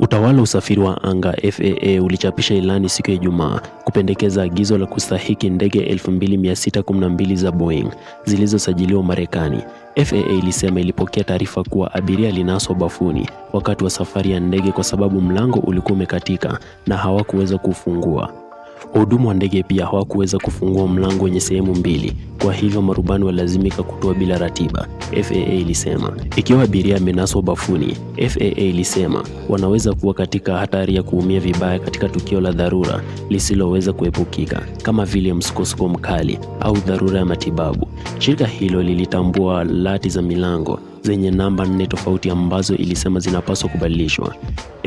Utawala usafiri wa anga FAA ulichapisha ilani siku ya Ijumaa kupendekeza agizo la kustahiki ndege 2612 za Boeing zilizosajiliwa Marekani. FAA ilisema ilipokea taarifa kuwa abiria alinaswa bafuni wakati wa safari ya ndege kwa sababu mlango ulikuwa umekatika na hawakuweza kufungua. Wahudumu wa ndege pia hawakuweza kufungua mlango wenye sehemu mbili, kwa hivyo marubani walazimika kutua bila ratiba, FAA ilisema. Ikiwa abiria amenaswa bafuni, FAA ilisema wanaweza kuwa katika hatari ya kuumia vibaya katika tukio la dharura lisiloweza kuepukika, kama vile msukosuko mkali au dharura ya matibabu. Shirika hilo lilitambua lati za milango zenye namba nne tofauti ambazo ilisema zinapaswa kubadilishwa.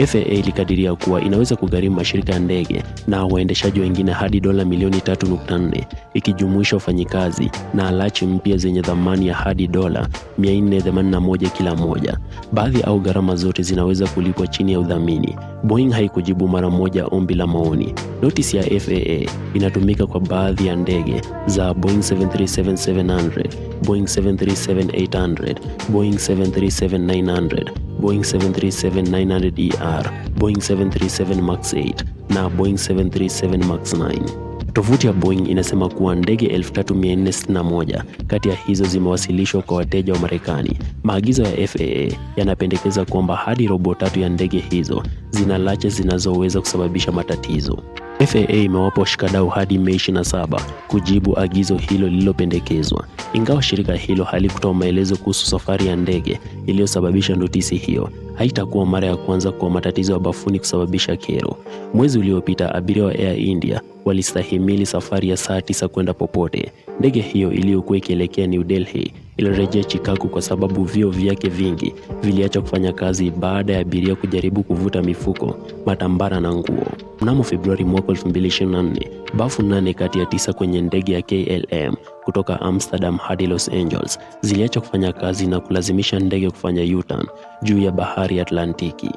FAA ilikadiria kuwa inaweza kugharimu mashirika ya ndege na waendeshaji wengine hadi dola milioni 3.4 ikijumuisha wafanyikazi na lachi mpya zenye thamani ya hadi dola 481 kila moja. Baadhi au gharama zote zinaweza kulipwa chini ya udhamini. Boeing haikujibu mara moja ombi la maoni. Notisi ya FAA inatumika kwa baadhi ya ndege za Boeing 737 737-700, Boeing 737-800, Boeing 737-900, Boeing 737-900ER, e Boeing 737 Max 8 na Boeing 737 Max 9. Tovuti ya Boeing inasema kuwa ndege 3461 kati ya hizo zimewasilishwa kwa wateja wa Marekani. Maagizo ya FAA yanapendekeza kwamba hadi robo tatu ya ndege hizo zina lache zinazoweza kusababisha matatizo. FAA imewapa washikadau hadi Mei 27 kujibu agizo hilo lililopendekezwa, ingawa shirika hilo halikutoa maelezo kuhusu safari ya ndege iliyosababisha notisi hiyo. Haitakuwa mara ya kwanza kwa matatizo ya bafuni kusababisha kero. Mwezi uliopita, abiria wa Air India walistahimili safari ya saa tisa kwenda popote. Ndege hiyo iliyokuwa ikielekea New Delhi ilirejea Chicago kwa sababu vio vyake vingi viliacha kufanya kazi baada ya abiria kujaribu kuvuta mifuko, matambara na nguo. Mnamo Februari mwaka 2024, bafu nane kati ya tisa kwenye ndege ya KLM kutoka Amsterdam hadi Los Angeles ziliacha kufanya kazi na kulazimisha ndege kufanya U-turn juu ya bahari Atlantiki.